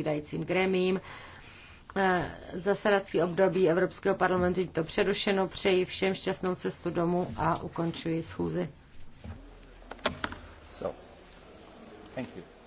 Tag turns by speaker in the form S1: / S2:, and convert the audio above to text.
S1: odpovídajícím gremím. Eh, Zasedací období Evropského parlamentu je to přerušeno. Přeji všem šťastnou cestu domů a ukončuji schůzi. So,
S2: thank you.